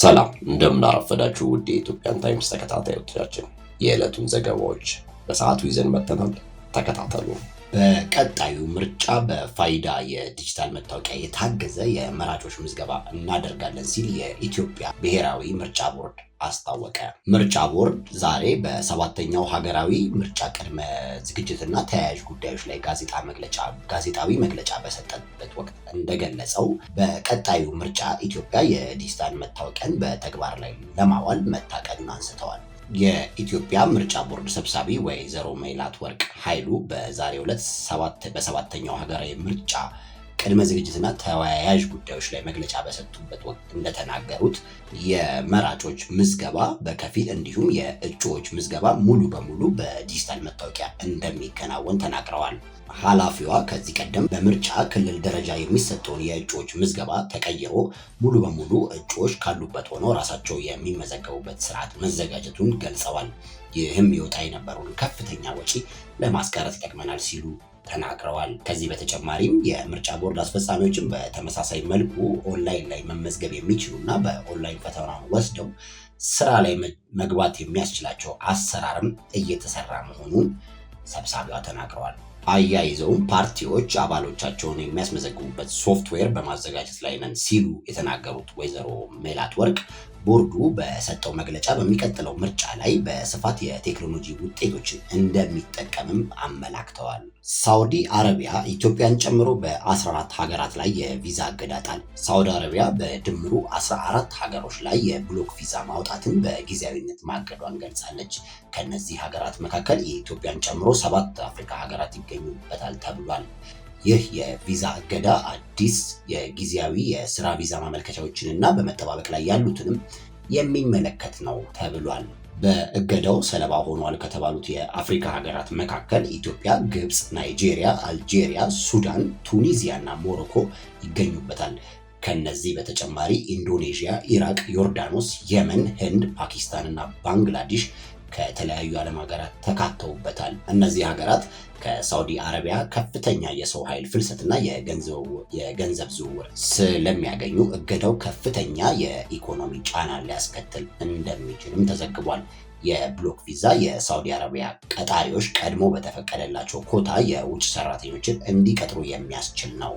ሰላም እንደምናረፈዳችሁ ውድ የኢትዮጵያን ታይምስ ተከታታዮቻችን የዕለቱን ዘገባዎች በሰዓቱ ይዘን መጥተናል። ተከታተሉ። በቀጣዩ ምርጫ በፋይዳ የዲጂታል መታወቂያ የታገዘ የመራጮች ምዝገባ እናደርጋለን ሲል የኢትዮጵያ ብሔራዊ ምርጫ ቦርድ አስታወቀ። ምርጫ ቦርድ ዛሬ በሰባተኛው ሀገራዊ ምርጫ ቅድመ ዝግጅትና ተያያዥ ጉዳዮች ላይ ጋዜጣ መግለጫ ጋዜጣዊ መግለጫ በሰጠበት ወቅት እንደገለጸው በቀጣዩ ምርጫ ኢትዮጵያ የዲጂታል መታወቂያን በተግባር ላይ ለማዋል መታቀዱን አንስተዋል። የኢትዮጵያ ምርጫ ቦርድ ሰብሳቢ ወይዘሮ ሜላት ወርቅ ኃይሉ በዛሬው ዕለት በሰባተኛው ሀገራዊ ምርጫ ቅድመ ዝግጅትና ተወያያዥ ጉዳዮች ላይ መግለጫ በሰጡበት ወቅት እንደተናገሩት የመራጮች ምዝገባ በከፊል እንዲሁም የእጩዎች ምዝገባ ሙሉ በሙሉ በዲጂታል መታወቂያ እንደሚከናወን ተናግረዋል። ኃላፊዋ ከዚህ ቀደም በምርጫ ክልል ደረጃ የሚሰጠውን የእጩዎች ምዝገባ ተቀይሮ ሙሉ በሙሉ እጩዎች ካሉበት ሆነው ራሳቸው የሚመዘገቡበት ስርዓት መዘጋጀቱን ገልጸዋል። ይህም ይወጣ የነበረውን ከፍተኛ ወጪ ለማስቀረት ይጠቅመናል ሲሉ ተናግረዋል። ከዚህ በተጨማሪም የምርጫ ቦርድ አስፈጻሚዎችን በተመሳሳይ መልኩ ኦንላይን ላይ መመዝገብ የሚችሉ እና በኦንላይን ፈተና ወስደው ስራ ላይ መግባት የሚያስችላቸው አሰራርም እየተሰራ መሆኑን ሰብሳቢዋ ተናግረዋል። አያይዘውም ፓርቲዎች አባሎቻቸውን የሚያስመዘግቡበት ሶፍትዌር በማዘጋጀት ላይ ነን ሲሉ የተናገሩት ወይዘሮ ሜላት ወርቅ ቦርዱ በሰጠው መግለጫ በሚቀጥለው ምርጫ ላይ በስፋት የቴክኖሎጂ ውጤቶችን እንደሚጠቀምም አመላክተዋል። ሳውዲ አረቢያ ኢትዮጵያን ጨምሮ በ14 ሀገራት ላይ የቪዛ እገዳ ሳውዲ አረቢያ በድምሩ 14 ሀገሮች ላይ የብሎክ ቪዛ ማውጣትን በጊዜያዊነት ማገዷን ገልጻለች። ከእነዚህ ሀገራት መካከል የኢትዮጵያን ጨምሮ ሰባት አፍሪካ ሀገራት ይገኙበታል ተብሏል። ይህ የቪዛ እገዳ አዲስ የጊዜያዊ የስራ ቪዛ ማመልከቻዎችን እና በመጠባበቅ ላይ ያሉትንም የሚመለከት ነው ተብሏል። በእገዳው ሰለባ ሆኗል ከተባሉት የአፍሪካ ሀገራት መካከል ኢትዮጵያ፣ ግብፅ፣ ናይጄሪያ፣ አልጄሪያ፣ ሱዳን፣ ቱኒዚያ እና ሞሮኮ ይገኙበታል። ከነዚህ በተጨማሪ ኢንዶኔዥያ፣ ኢራቅ፣ ዮርዳኖስ፣ የመን፣ ህንድ፣ ፓኪስታን እና ባንግላዴሽ ከተለያዩ ዓለም ሀገራት ተካተውበታል። እነዚህ ሀገራት ከሳውዲ አረቢያ ከፍተኛ የሰው ኃይል ፍልሰትና የገንዘብ ዝውውር ስለሚያገኙ እገዳው ከፍተኛ የኢኮኖሚ ጫና ሊያስከትል እንደሚችልም ተዘግቧል። የብሎክ ቪዛ የሳውዲ አረቢያ ቀጣሪዎች ቀድሞ በተፈቀደላቸው ኮታ የውጭ ሰራተኞችን እንዲቀጥሩ የሚያስችል ነው።